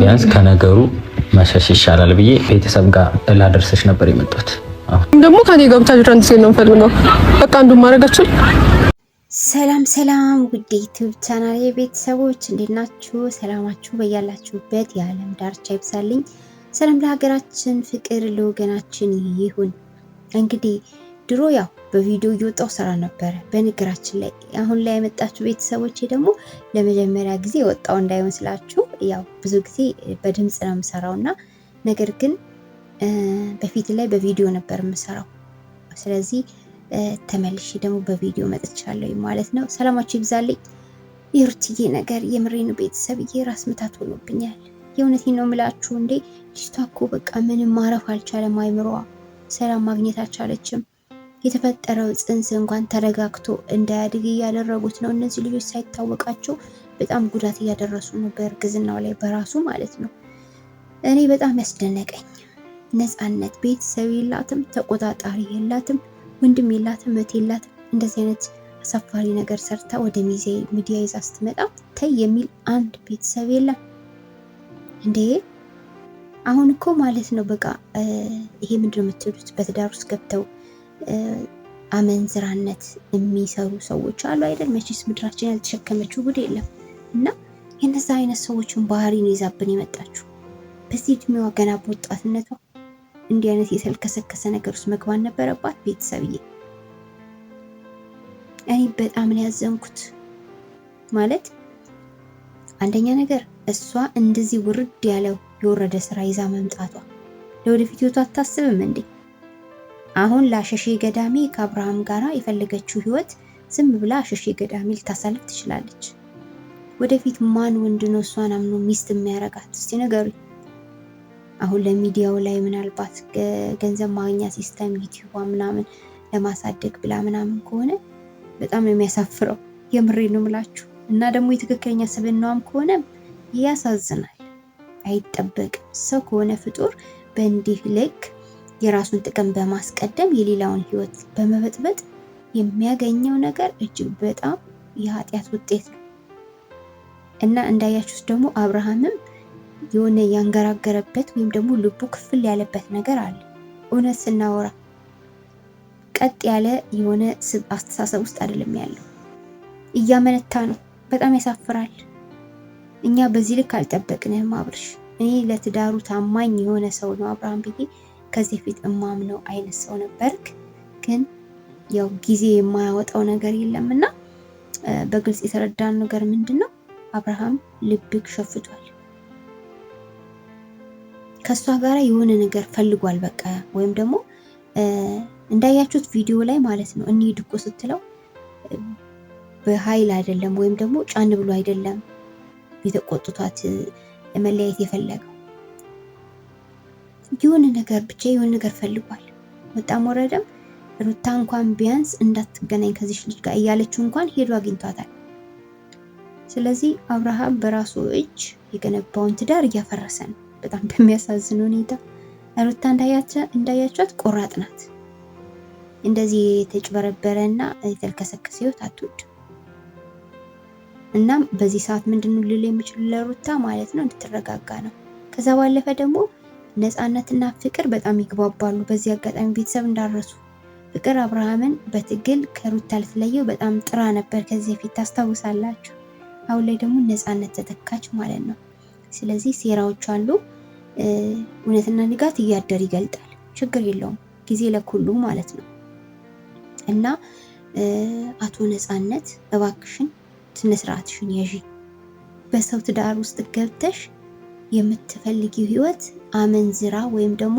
ቢያንስ ከነገሩ መሸሽ ይሻላል ብዬ ቤተሰብ ጋር ላደርሰሽ ነበር የመጣሁት። ደግሞ ከኔ ጋር ብቻ ዲፍረንት ነው የምፈልገው። በቃ አንዱን ማድረጋችን ሰላም ሰላም፣ ውድ ዩቲዩብ ቻናል የቤተሰቦች እንዴት ናችሁ? ሰላማችሁ በያላችሁበት የዓለም ዳርቻ ይብዛልኝ። ሰላም ለሀገራችን፣ ፍቅር ለወገናችን ይሁን። እንግዲህ ድሮ ያው በቪዲዮ እየወጣው ስራ ነበረ በንግራችን ላይ። አሁን ላይ የመጣችሁ ቤተሰቦች ደግሞ ለመጀመሪያ ጊዜ የወጣው እንዳይመስላችሁ ያው ብዙ ጊዜ በድምፅ ነው የምሰራው እና ነገር ግን በፊት ላይ በቪዲዮ ነበር የምሰራው። ስለዚህ ተመልሼ ደግሞ በቪዲዮ መጥቻለሁ ማለት ነው። ሰላማችሁ ይብዛልኝ። የሩትዬ ነገር የምሬኑ ቤተሰብዬ ራስ ምታት ሆኖብኛል። የእውነቴን ነው የምላችሁ። እንዴ ልጅቷ እኮ በቃ ምንም ማረፍ አልቻለም። አይምሯዋ ሰላም ማግኘት አልቻለችም። የተፈጠረው ጽንስ እንኳን ተረጋግቶ እንዳያድግ እያደረጉት ነው እነዚህ ልጆች ሳይታወቃቸው በጣም ጉዳት እያደረሱ ነው፣ በእርግዝናው ላይ በራሱ ማለት ነው። እኔ በጣም ያስደነቀኝ ነፃነት ቤተሰብ የላትም፣ ተቆጣጣሪ የላትም፣ ወንድም የላትም፣ እህት የላትም። እንደዚህ አይነት አሳፋሪ ነገር ሰርታ ወደ ሚዲያ ይዛ ስትመጣ ተይ የሚል አንድ ቤተሰብ የለም እንዴ! አሁን እኮ ማለት ነው በቃ ይሄ ምንድነው የምትሉት? በትዳር ውስጥ ገብተው አመንዝራነት የሚሰሩ ሰዎች አሉ አይደል? መቼስ ምድራችን ያልተሸከመችው ጉድ የለም። የነዛ አይነት ሰዎችን ባህሪ ነው ይዛብን የመጣችው። በዚህ እድሜዋ ገና በወጣትነቷ እንዲህ አይነት የተልከሰከሰ ነገር ውስጥ መግባት ነበረባት። ቤተሰብዬ እኔ በጣም ነው ያዘንኩት። ማለት አንደኛ ነገር እሷ እንደዚህ ውርድ ያለው የወረደ ስራ ይዛ መምጣቷ ለወደፊት ህይወቷ አታስብም እንዴ? አሁን ለአሸሼ ገዳሜ ከአብርሃም ጋር የፈለገችው ህይወት ዝም ብላ አሸሼ ገዳሜ ልታሳልፍ ትችላለች። ወደፊት ማን ወንድ ነው እሷን አምኖ ሚስት የሚያረጋት? እስቲ ነገሩ። አሁን ለሚዲያው ላይ ምናልባት ገንዘብ ማግኛ ሲስተም ዩቲዩብ ምናምን ለማሳደግ ብላ ምናምን ከሆነ በጣም የሚያሳፍረው። የምሬ ነው ምላችሁ። እና ደግሞ የትክክለኛ ስብናዋም ከሆነ ያሳዝናል። አይጠበቅም። ሰው ከሆነ ፍጡር በእንዲህ ልክ የራሱን ጥቅም በማስቀደም የሌላውን ህይወት በመበጥበጥ የሚያገኘው ነገር እጅግ በጣም የኃጢአት ውጤት ነው። እና እንዳያችሁት ደግሞ አብርሃምም የሆነ ያንገራገረበት ወይም ደግሞ ልቡ ክፍል ያለበት ነገር አለ። እውነት ስናወራ ቀጥ ያለ የሆነ አስተሳሰብ ውስጥ አይደለም ያለው፣ እያመነታ ነው። በጣም ያሳፍራል። እኛ በዚህ ልክ አልጠበቅንም። አብርሽ እኔ ለትዳሩ ታማኝ የሆነ ሰው ነው አብርሃም ብዬ ከዚህ ፊት እማምነው አይነት ሰው ነበርክ። ግን ያው ጊዜ የማያወጣው ነገር የለምና በግልጽ የተረዳን ነገር ምንድን ነው አብርሃም ልብክ ሸፍቷል። ከእሷ ጋር የሆነ ነገር ፈልጓል በቃ ወይም ደግሞ እንዳያችሁት ቪዲዮ ላይ ማለት ነው። እንሂድ እኮ ስትለው በኃይል አይደለም ወይም ደግሞ ጫን ብሎ አይደለም የተቆጥቷት መለያየት የፈለገው የሆነ ነገር ብቻ የሆነ ነገር ፈልጓል። በጣም ወረደም ሩታ እንኳን ቢያንስ እንዳትገናኝ ከዚች ልጅ ጋር እያለችው እንኳን ሄዶ አግኝቷታል። ስለዚህ አብርሃም በራሱ እጅ የገነባውን ትዳር እያፈረሰ ነው። በጣም በሚያሳዝን ሁኔታ ሩታ እንዳያቸት ቆራጥ ናት። እንደዚህ የተጭበረበረና የተልከሰከሰ ህይወት አትወድ። እናም በዚህ ሰዓት ምንድን ልል የሚችሉ ለሩታ ማለት ነው እንድትረጋጋ ነው። ከዛ ባለፈ ደግሞ ነፃነትና ፍቅር በጣም ይግባባሉ። በዚህ አጋጣሚ ቤተሰብ እንዳረሱ ፍቅር አብርሃምን በትግል ከሩታ ልትለየው በጣም ጥራ ነበር። ከዚህ በፊት ታስታውሳላችሁ። አሁን ላይ ደግሞ ነፃነት ተተካች ማለት ነው። ስለዚህ ሴራዎች አሉ። እውነትና ንጋት እያደር ይገልጣል። ችግር የለውም ጊዜ ለኩሉ ማለት ነው። እና አቶ ነፃነት እባክሽን ስነ ስርዓትሽን በሰው ትዳር ውስጥ ገብተሽ የምትፈልጊው ህይወት አመንዝራ ወይም ደግሞ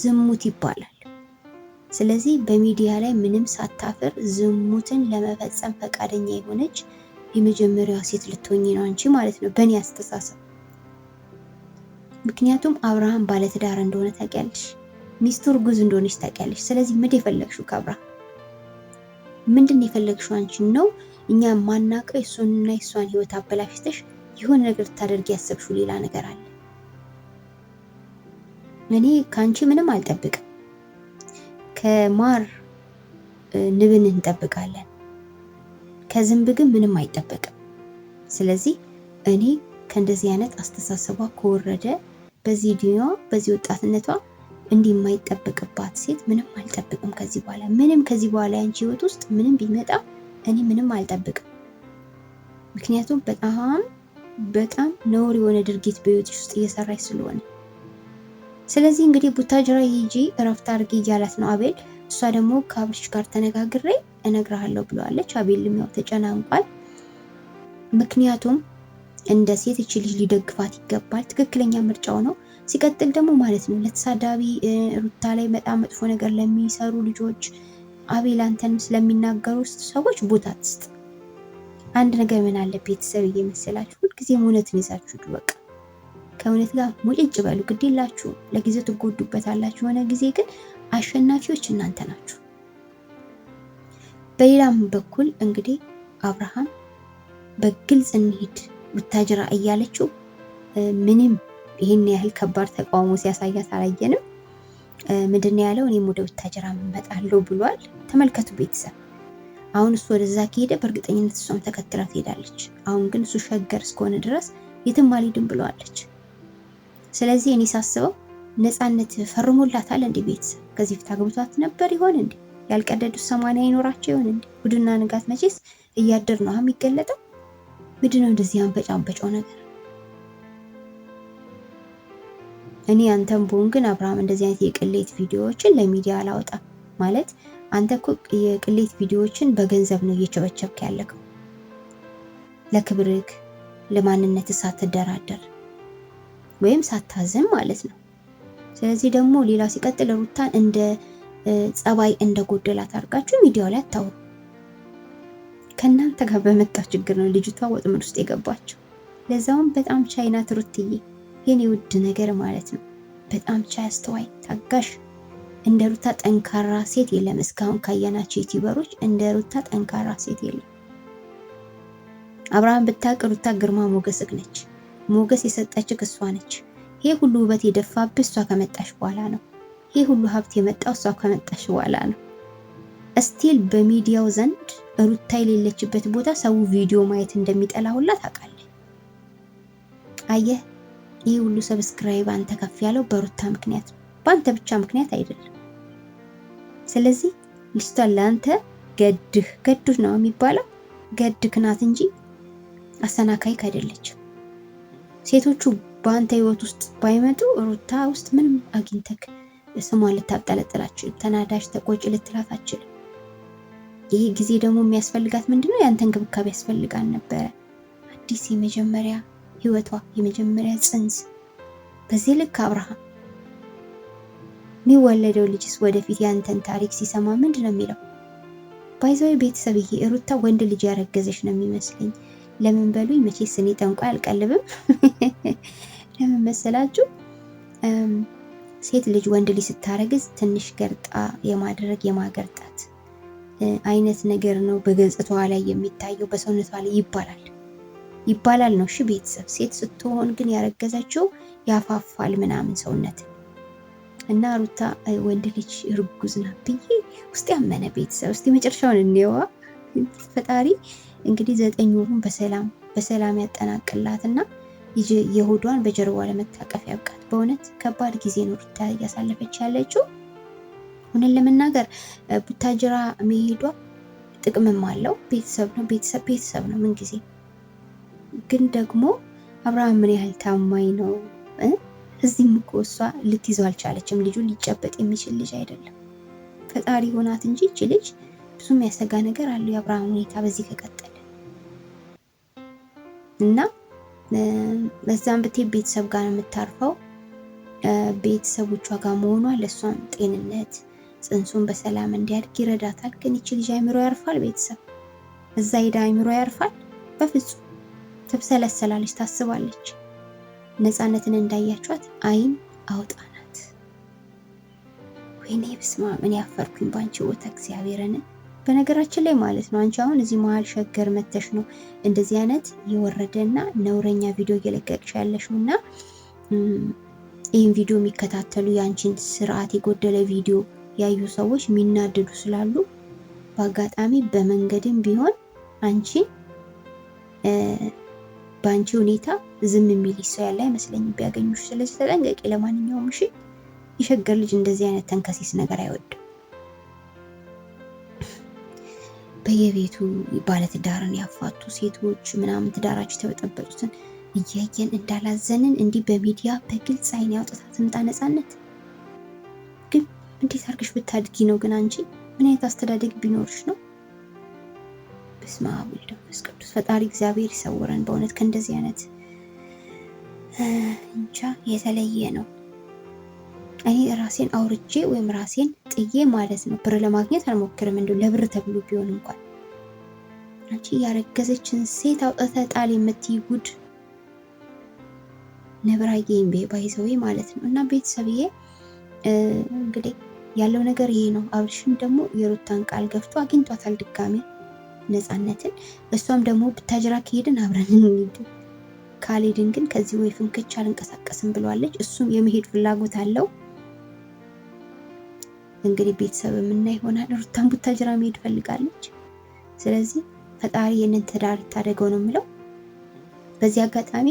ዝሙት ይባላል። ስለዚህ በሚዲያ ላይ ምንም ሳታፍር ዝሙትን ለመፈጸም ፈቃደኛ የሆነች የመጀመሪያዋ ሴት ልትሆኝ ነው አንቺ ማለት ነው፣ በእኔ አስተሳሰብ። ምክንያቱም አብርሃም ባለትዳር እንደሆነ ታውቂያለሽ፣ ሚስቱ እርጉዝ እንደሆነች ታውቂያለሽ። ስለዚህ ምንድን የፈለግሽው ከአብርሃም ምንድን የፈለግሽው? አንቺን ነው እኛ ማናውቀው። የእሱንና የእሷን ህይወት አበላሽተሽ የሆነ ነገር ልታደርግ ያሰብሽው ሌላ ነገር አለ። እኔ ከአንቺ ምንም አልጠብቅም። ከማር ንብን እንጠብቃለን። ከዝንብ ግን ምንም አይጠበቅም። ስለዚህ እኔ ከእንደዚህ አይነት አስተሳሰቧ ከወረደ በዚህ ዕድሜዋ በዚህ ወጣትነቷ እንዲህ የማይጠበቅባት ሴት ምንም አልጠብቅም ከዚህ በኋላ ምንም ከዚህ በኋላ ያንቺ ህይወት ውስጥ ምንም ቢመጣ እኔ ምንም አልጠብቅም። ምክንያቱም በጣም በጣም ነውር የሆነ ድርጊት በህይወትሽ ውስጥ እየሰራች ስለሆነ ስለዚህ እንግዲህ ቡታጅራ ሂጂ እረፍት አድርጊ እያላት ነው አቤል። እሷ ደግሞ ከአብርሽ ጋር ተነጋግሬ እነግርሃለሁ ብለዋለች። አቤልም ያው ተጨናንቋል። ምክንያቱም እንደ ሴት እቺ ልጅ ሊደግፋት ይገባል። ትክክለኛ ምርጫው ነው። ሲቀጥል ደግሞ ማለት ነው ለተሳዳቢ ሩታ ላይ በጣም መጥፎ ነገር ለሚሰሩ ልጆች አቤል አንተንም ስለሚናገሩ ሰዎች ቦታ ትስጥ። አንድ ነገር ምን አለ ቤተሰብ እየመሰላችሁ ሁልጊዜም እውነትን ይዛችሁ በቃ ከእውነት ጋር ሙጭጭ በሉ። ግዴላችሁ ለጊዜው ትጎዱበታላችሁ። የሆነ ጊዜ ግን አሸናፊዎች እናንተ ናችሁ። በሌላም በኩል እንግዲህ አብርሃም በግልጽ እንሂድ ቡታጅራ እያለችው ምንም ይህን ያህል ከባድ ተቃውሞ ሲያሳያት አላየንም። ምንድን ያለው እኔም ወደ ቡታጅራ እመጣለሁ ብሏል። ተመልከቱ ቤተሰብ አሁን እሱ ወደዛ ከሄደ በእርግጠኝነት እሷም ተከትላ ትሄዳለች። አሁን ግን እሱ ሸገር እስከሆነ ድረስ የትም አልሄድም ብለዋለች። ስለዚህ እኔ ሳስበው ነፃነት ፈርሞላታል እንዴ ቤተሰብ ከዚህ ፊት አግብቷት ነበር ይሆን እንዴ? ያልቀደዱት ሰማንያ ይኖራቸው ይሆን እንዴ? እሑድና ንጋት መቼስ እያደር ነው የሚገለጠው። ምንድን ነው እንደዚህ አንበጫ አንበጫው ነገር? እኔ አንተም ቦን ግን አብርሃም እንደዚህ አይነት የቅሌት ቪዲዮዎችን ለሚዲያ አላወጣ ማለት አንተ እኮ የቅሌት ቪዲዮዎችን በገንዘብ ነው እየቸበቸብክ ያለከው። ለክብርክ ለማንነት ሳትደራደር ወይም ሳታዝም ማለት ነው። ስለዚህ ደግሞ ሌላ ሲቀጥል ሩታን እንደ ጸባይ እንደጎደላት አድርጋችሁ ሚዲያው ላይ አታው። ከእናንተ ጋር በመጣ ችግር ነው ልጅቷ ወጥመድ ውስጥ የገባችው። ለዛውም በጣም ቻይናት ሩትዬ፣ የኔ ውድ ነገር ማለት ነው። በጣም ቻይ፣ አስተዋይ፣ ታጋሽ እንደ ሩታ ጠንካራ ሴት የለም። እስካሁን ካየናቸው ዩቲዩበሮች እንደ ሩታ ጠንካራ ሴት የለም። አብርሃም ብታቅ ሩታ ግርማ ሞገስክ ነች። ሞገስ የሰጠችክ እሷ ነች። ይሄ ሁሉ ውበት የደፋብህ እሷ ከመጣሽ በኋላ ነው። ይህ ሁሉ ሀብት የመጣው እሷ ከመጣሽ በኋላ ነው። እስቲል በሚዲያው ዘንድ ሩታ የሌለችበት ቦታ ሰው ቪዲዮ ማየት እንደሚጠላ ሁላ ታውቃለህ። አየህ፣ ይህ ሁሉ ሰብስክራይብ አንተ ከፍ ያለው በሩታ ምክንያት ነው፣ በአንተ ብቻ ምክንያት አይደለም። ስለዚህ ልጅቷን ለአንተ ገድህ ገድህ ነው የሚባለው ገድክ ናት እንጂ አሰናካይ አይደለችም። ሴቶቹ በአንተ ህይወት ውስጥ ባይመጡ ሩታ ውስጥ ምንም አግኝተክ ስሟን ልታብጠለጥላችል፣ ተናዳሽ ተቆጭ ልትላት አችልም። ይህ ጊዜ ደግሞ የሚያስፈልጋት ምንድነው? ያንተ እንክብካቤ ያስፈልጋል ነበረ። አዲስ የመጀመሪያ ህይወቷ የመጀመሪያ ጽንስ። በዚህ ልክ አብርሃም የሚወለደው ልጅስ ወደፊት ያንተን ታሪክ ሲሰማ ምንድን ነው የሚለው? ባይዛዊ ቤተሰብ ይሄ ሩታ ወንድ ልጅ ያረገዘች ነው የሚመስለኝ። ለምን በሉኝ፣ መቼስ እኔ ጠንቋይ አልቀልብም። ለምን መሰላችሁ? ሴት ልጅ ወንድ ልጅ ስታረግዝ ትንሽ ገርጣ የማድረግ የማገርጣት አይነት ነገር ነው በገጽቷ ላይ የሚታየው በሰውነቷ ላይ ይባላል ይባላል ነው። እሺ ቤተሰብ ሴት ስትሆን ግን ያረገዘችው ያፋፋል ምናምን ሰውነት እና ሩታ ወንድ ልጅ እርጉዝ ናት ብዬ ውስጥ ያመነ ቤተሰብ እስቲ መጨረሻውን እንየዋ። ፈጣሪ እንግዲህ ዘጠኝ ወሩን በሰላም በሰላም ያጠናቅላትና የሆዷን በጀርባ ለመታቀፍ ያብቃት። በእውነት ከባድ ጊዜ ነው ሩታ እያሳለፈች ያለችው። እውነት ለመናገር ቡታጅራ መሄዷ ጥቅምም አለው። ቤተሰብ ነው፣ ቤተሰብ ቤተሰብ ነው ምንጊዜ። ግን ደግሞ አብርሃም ምን ያህል ታማኝ ነው። እዚህም እኮ እሷ ልትይዘው አልቻለችም። ልጁ ሊጨበጥ የሚችል ልጅ አይደለም። ፈጣሪ ሆናት እንጂ ይቺ ልጅ ብዙ የሚያሰጋ ነገር አለው የአብርሃም ሁኔታ በዚህ ከቀጠለ እና በዛም ብትሄድ ቤተሰብ ጋር ነው የምታርፈው። ቤተሰቦቿ ጋር መሆኗ ለእሷም ጤንነት ጽንሱን በሰላም እንዲያድግ ይረዳታል። ግን ይቺ ልጅ አይምሮ ያርፋል? ቤተሰብ እዛ ሄዳ አይምሮ ያርፋል? በፍጹም ትብሰለሰላለች፣ ታስባለች። ነፃነትን እንዳያቸዋት አይን አውጣናት። ወይኔ ብስማ ምን ያፈርኩኝ ባንቺ ቦታ እግዚአብሔርን በነገራችን ላይ ማለት ነው አንቺ አሁን እዚህ መሀል ሸገር መተሽ ነው እንደዚህ አይነት የወረደ የወረደና ነውረኛ ቪዲዮ እየለቀቅሽ ያለሽው እና ይህን ቪዲዮ የሚከታተሉ የአንቺን ስርዓት የጎደለ ቪዲዮ ያዩ ሰዎች የሚናደዱ ስላሉ በአጋጣሚ በመንገድም ቢሆን አንቺን በአንቺ ሁኔታ ዝም የሚል ሰው ያለ አይመስለኝም ቢያገኙሽ። ስለዚህ ተጠንቀቂ። ለማንኛውም እሺ፣ የሸገር ልጅ እንደዚህ አይነት ተንከሴስ ነገር አይወድም። በየቤቱ ባለትዳርን ያፋቱ ሴቶች ምናምን ትዳራቸው የተበጠበጡትን እያየን እንዳላዘንን እንዲህ በሚዲያ በግልጽ አይን ያውጥታ ትምጣ ነፃነት። ግን እንዴት አድርገሽ ብታድጊ ነው? ግን አንቺ ምን አይነት አስተዳደግ ቢኖርሽ ነው? በስመ አብ ወወልድ ወመንፈስ ቅዱስ ፈጣሪ እግዚአብሔር ይሰውረን በእውነት ከእንደዚህ አይነት እንጃ የተለየ ነው። እኔ ራሴን አውርጄ ወይም ራሴን ጥዬ ማለት ነው ብር ለማግኘት አልሞክርም። እንዲሁ ለብር ተብሎ ቢሆን እንኳን አንቺ ያረገዘችን ሴት አውጥተህ ጣል የምትይ ጉድ ነብራዬም ባይዘዌ ማለት ነው። እና ቤተሰብዬ እንግዲህ ያለው ነገር ይሄ ነው። አብርሽም ደግሞ የሩታን ቃል ገብቶ አግኝቷታል ድጋሚ ነፃነትን። እሷም ደግሞ ብታጅራ ከሄድን አብረን እንሂድ ካልሄድን ግን ከዚህ ወይ ፍንክች አልንቀሳቀስም ብለዋለች። እሱም የመሄድ ፍላጎት አለው። እንግዲህ ቤተሰብ የምናይ ይሆናል። ሩታን ቡታጅራ መሄድ ፈልጋለች። ስለዚህ ፈጣሪ ይህንን ትዳር ታደገው ነው የምለው። በዚህ አጋጣሚ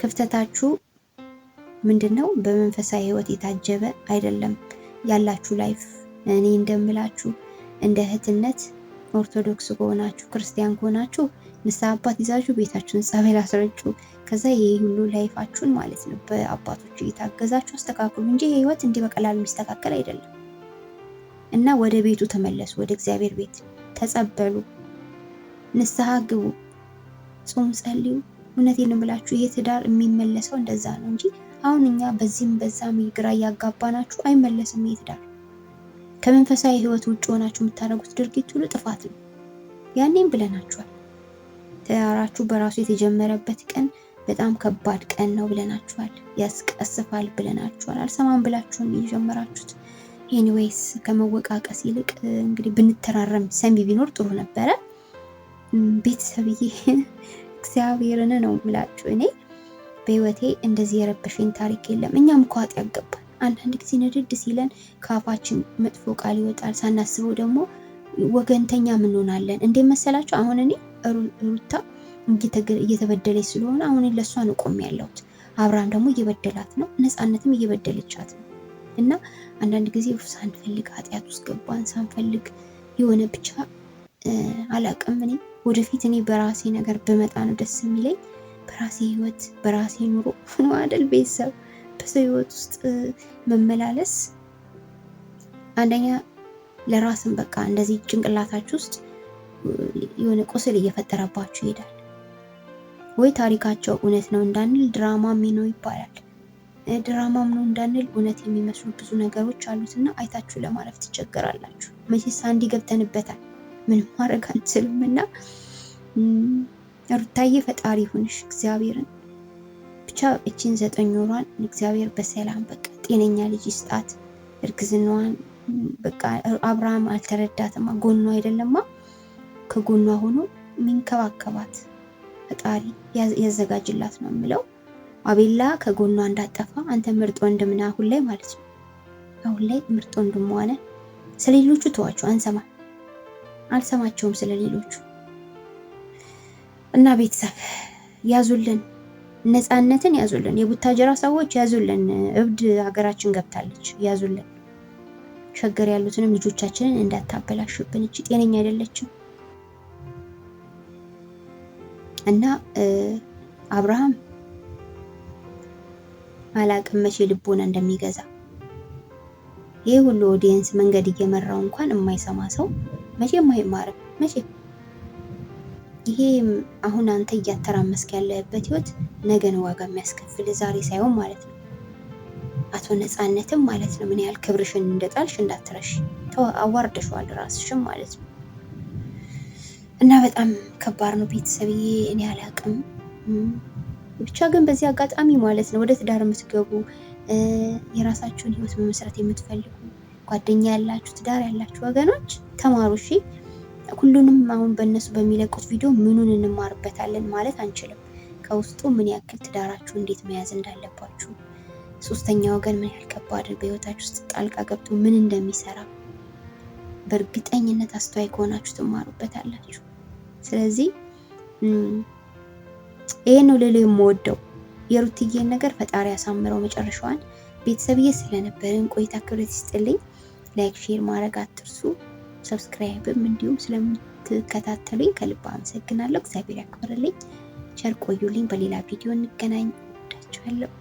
ክፍተታችሁ ምንድን ነው? በመንፈሳዊ ህይወት የታጀበ አይደለም ያላችሁ ላይፍ። እኔ እንደምላችሁ እንደ እህትነት ኦርቶዶክስ ከሆናችሁ ክርስቲያን ከሆናችሁ ንስሐ አባት ይዛችሁ ቤታችሁን ጸበል አስረጩ። ከዛ ይሄ ሁሉ ላይፋችሁን ማለት ነው በአባቶች እየታገዛችሁ አስተካክሉ እንጂ ህይወት እንዲህ በቀላሉ የሚስተካከል አይደለም። እና ወደ ቤቱ ተመለሱ፣ ወደ እግዚአብሔር ቤት ተጸበሉ፣ ንስሐ ግቡ፣ ጾም ጸልዩ። እውነቴን እምላችሁ ይሄ ትዳር የሚመለሰው እንደዛ ነው እንጂ አሁን እኛ በዚህም በዛም ግራ እያጋባናችሁ አይመለስም። ይሄ ትዳር ከመንፈሳዊ ህይወት ውጭ ሆናችሁ የምታደርጉት ድርጊት ሁሉ ጥፋት ነው። ያኔም ብለናችኋል። ተራራችሁ በራሱ የተጀመረበት ቀን በጣም ከባድ ቀን ነው ብለናችኋል። ያስቀስፋል ብለናችኋል። አልሰማም ብላችሁን የጀመራችሁት። ኤኒዌይስ ከመወቃቀስ ይልቅ እንግዲህ ብንተራረም ሰሚ ቢኖር ጥሩ ነበረ። ቤተሰብዬ እግዚአብሔርን ነው የምላችሁ። እኔ በህይወቴ እንደዚህ የረበሸኝ ታሪክ የለም። እኛም እኮ ኃጢአት አንዳንድ ጊዜ ንድድ ሲለን ከአፋችን መጥፎ ቃል ይወጣል። ሳናስበው ደግሞ ወገንተኛ ምንሆናለን። እንዴት መሰላችሁ? አሁን እኔ ሩታ እየተበደለች ስለሆነ አሁን ለእሷ ነው ቆሜ ያለሁት። አብርሃም ደግሞ እየበደላት ነው፣ ነፃነትም እየበደለቻት ነው። እና አንዳንድ ጊዜ ሳንፈልግ ኃጢአት ውስጥ ገባን። ሳንፈልግ የሆነ ብቻ አላቅም። እኔ ወደፊት እኔ በራሴ ነገር በመጣ ነው ደስ የሚለኝ በራሴ ህይወት በራሴ ኑሮ ነው አይደል? ቤተሰብ በሰው ህይወት ውስጥ መመላለስ አንደኛ ለራስን በቃ እንደዚህ ጭንቅላታች ውስጥ የሆነ ቁስል እየፈጠረባችሁ ይሄዳል። ወይ ታሪካቸው እውነት ነው እንዳንል ድራማም ነው ይባላል። ድራማም ነው እንዳንል እውነት የሚመስሉ ብዙ ነገሮች አሉትና አይታችሁ ለማለፍ ትቸገራላችሁ። መቼስ እንዲገብተንበታል ገብተንበታል ምንም ማድረግ አንችልም እና ሩታዬ ፈጣሪ ሁንሽ እግዚአብሔርን ብቻ እችን ዘጠኝ ወሯን እግዚአብሔር በሰላም በቃ ጤነኛ ልጅ ይስጣት። እርግዝናዋን በቃ አብርሃም አልተረዳትማ፣ ጎኗ አይደለማ ከጎኗ ሆኖ የሚንከባከባት ፈጣሪ ያዘጋጅላት ነው የምለው። አቤላ ከጎኗ እንዳጠፋ አንተ ምርጥ ወንድምና አሁን ላይ ማለት ነው። አሁን ላይ ምርጥ ወንድም ሆነ። ስለሌሎቹ ተዋቸው፣ አንሰማ አልሰማቸውም ስለሌሎቹ እና ቤተሰብ ያዙልን፣ ነፃነትን ያዙልን፣ የቡታጀራ ሰዎች ያዙልን። እብድ ሀገራችን ገብታለች፣ ያዙልን። ሸገር ያሉትንም ልጆቻችንን እንዳታበላሹብን። እቺ ጤነኛ አይደለችም። እና አብርሃም አላቅም መቼ ልቦና እንደሚገዛ ይህ ሁሉ ኦዲየንስ መንገድ እየመራው እንኳን የማይሰማ ሰው መቼም አይማርም። መቼ ይሄ አሁን አንተ እያተራመስክ ያለበት ህይወት ነገን ዋጋ የሚያስከፍል ዛሬ ሳይሆን ማለት ነው። አቶ ነፃነትም ማለት ነው ምን ያህል ክብርሽን እንደጣልሽ እንዳትረሽ፣ አዋርደሽዋል ራስሽም ማለት ነው። እና በጣም ከባድ ነው ቤተሰብዬ። እኔ አላቅም። ብቻ ግን በዚህ አጋጣሚ ማለት ነው ወደ ትዳር የምትገቡ የራሳችሁን ህይወት መመስረት የምትፈልጉ ጓደኛ ያላችሁ ትዳር ያላችሁ ወገኖች ተማሩ እሺ። ሁሉንም አሁን በእነሱ በሚለቁት ቪዲዮ ምኑን እንማርበታለን ማለት አንችልም። ከውስጡ ምን ያክል ትዳራችሁ እንዴት መያዝ እንዳለባችሁ፣ ሶስተኛ ወገን ምን ያህል ከባድ በህይወታችሁ ውስጥ ጣልቃ ገብቶ ምን እንደሚሰራ በእርግጠኝነት አስተዋይ ከሆናችሁ ትማሩበታላችሁ። ስለዚህ ይሄን ነው ልል የምወደው። የሩትዬን ነገር ፈጣሪ ያሳምረው መጨረሻዋን። ቤተሰብዬ ስለነበረን ቆይታ ክብረት ይስጥልኝ። ላይክ፣ ሼር ማድረግ አትርሱ። ሰብስክራይብም እንዲሁም ስለምትከታተሉኝ ከልብ አመሰግናለሁ። እግዚአብሔር ያክብርልኝ። ቸር ቆዩልኝ። በሌላ ቪዲዮ እንገናኝ። እወዳችኋለሁ።